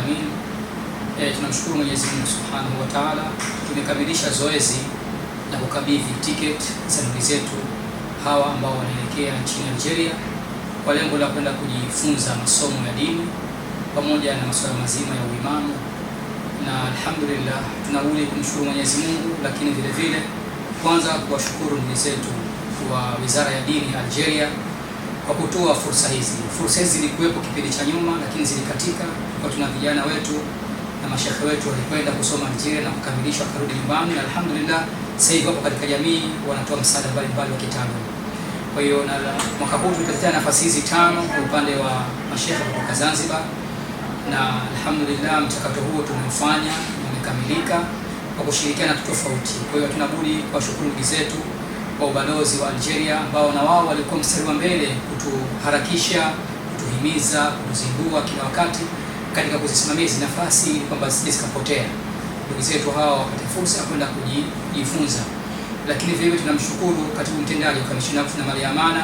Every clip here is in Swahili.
alamin. E, tunamshukuru Mwenyezi Mungu Subhanahu wa Ta'ala, tumekamilisha zoezi la kukabidhi tiketi za ndugu zetu hawa ambao wanaelekea nchini Algeria kwa lengo la kwenda kujifunza masomo ya dini pamoja na masuala mazima ya uimamu, na alhamdulillah tunauli kumshukuru Mwenyezi Mungu, lakini vile vile kwanza kuwashukuru ndugu zetu wa Wizara ya Dini Algeria kwa kutoa fursa hizi. Fursa hizi zilikuwepo kipindi cha nyuma, lakini zilikatika kwa tuna vijana wetu na mashehe wetu walikwenda kusoma Algeria na kukamilisha wakarudi nyumbani, na alhamdulillah sasa hivi wapo katika jamii wanatoa msaada mbalimbali wa kitabu. Kwa hiyo na mwaka huu tulipata nafasi hizi tano kwa upande wa mashehe kutoka Zanzibar, na alhamdulillah mchakato huo tumeufanya umekamilika kwa kushirikiana tofauti. Kwa hiyo tunabudi kwa shukrani zetu wa ubalozi wa Algeria ambao na wao walikuwa mstari wa mbele kutuharakisha, kutuhimiza, kuzindua kila wakati katika kuzisimamia hizi nafasi ili kwamba zisije zikapotea. Ndugu zetu hawa wapate fursa ya kwenda kujifunza. Lakini vile vile tunamshukuru katibu mtendaji wa Kamisheni ya Ardhi na Mali ya Amana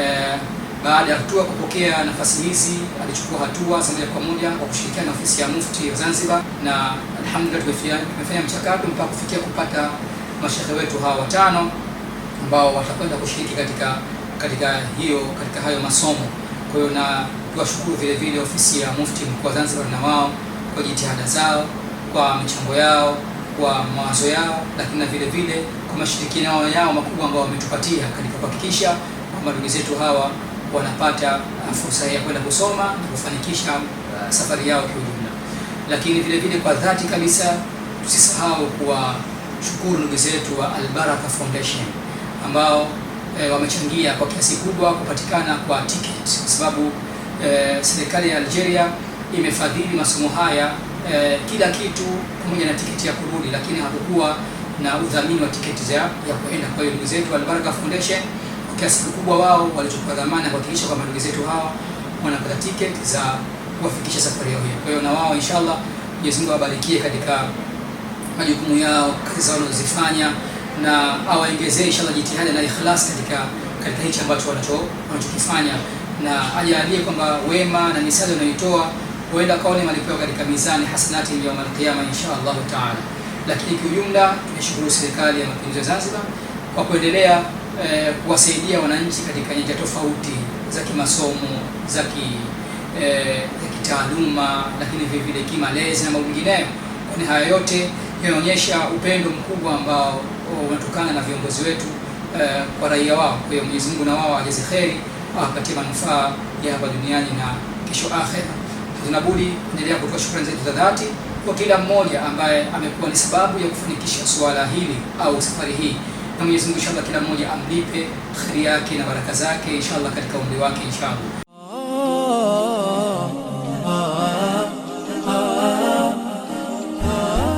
eh, baada ya hatua kupokea nafasi hizi alichukua hatua za moja kwa moja kwa kushirikiana na ofisi ya Mufti ya Zanzibar, na alhamdulillah tumefanya mchakato mpaka kufikia kupata mashehe wetu hawa watano ambao watakwenda kushiriki katika katika hiyo katika hayo masomo. Kwa hiyo na tuwashukuru vile vile ofisi ya Mufti Mkuu wa Zanzibar na wao kwa jitihada zao, kwa michango yao, kwa mawazo yao, lakini na vile vile kwa mashirikiano yao makubwa ambao wametupatia katika kuhakikisha kwamba ndugu zetu hawa wanapata uh, fursa ya kwenda kusoma na kufanikisha uh, safari yao kiujumla. Lakini vile vile kwa dhati kabisa tusisahau kuwashukuru ndugu zetu wa Albaraka Foundation ambao e, wamechangia kwa kiasi kubwa kupatikana kwa ticket, kwa sababu e, serikali ya Algeria imefadhili masomo haya e, kila kitu pamoja na tiketi ya kurudi, lakini hakukuwa na udhamini wa tiketi za ya kuenda. Kwa hiyo ndugu zetu Albaraka Foundation kwa kiasi kikubwa wao walichukua dhamana ya kuhakikisha kwamba ndugu zetu hawa wanapata tiketi za kuwafikisha safari yao hiyo. Kwa hiyo na wao inshallah Mwenyezi Mungu awabarikie katika majukumu yao, kazi zao wanazozifanya na awaongezee inshallah jitihada na ikhlas katika katika hichi ambacho wanachokifanya, na ajalie kwamba wema na misaada wanayoitoa huenda kaone malipo katika mizani hasanati ya yawmal qiyama insha Allah taala. Lakini kiujumla, tunashukuru serikali ya mapinduzi ya Zanzibar kwa kuendelea eh, kuwasaidia wananchi katika nyanja tofauti za kimasomo za ki eh, kitaaluma, lakini vile vile kimalezi na mambo mengineyo. Kwani haya yote yanaonyesha upendo mkubwa ambao wanatokana na viongozi wetu uh, kwa raia wao. Kwa hiyo Mwenyezi Mungu na wao ajaze kheri, awapatie manufaa ya hapa duniani na kesho akhera. Tunabudi kuendelea kutoa shukrani zetu za dhati kwa kila mmoja ambaye amekuwa ni sababu ya kufanikisha suala hili au safari hii, na Mwenyezi Mungu inshallah kila mmoja amlipe kheri yake na baraka zake inshallah katika umri wake inshallah.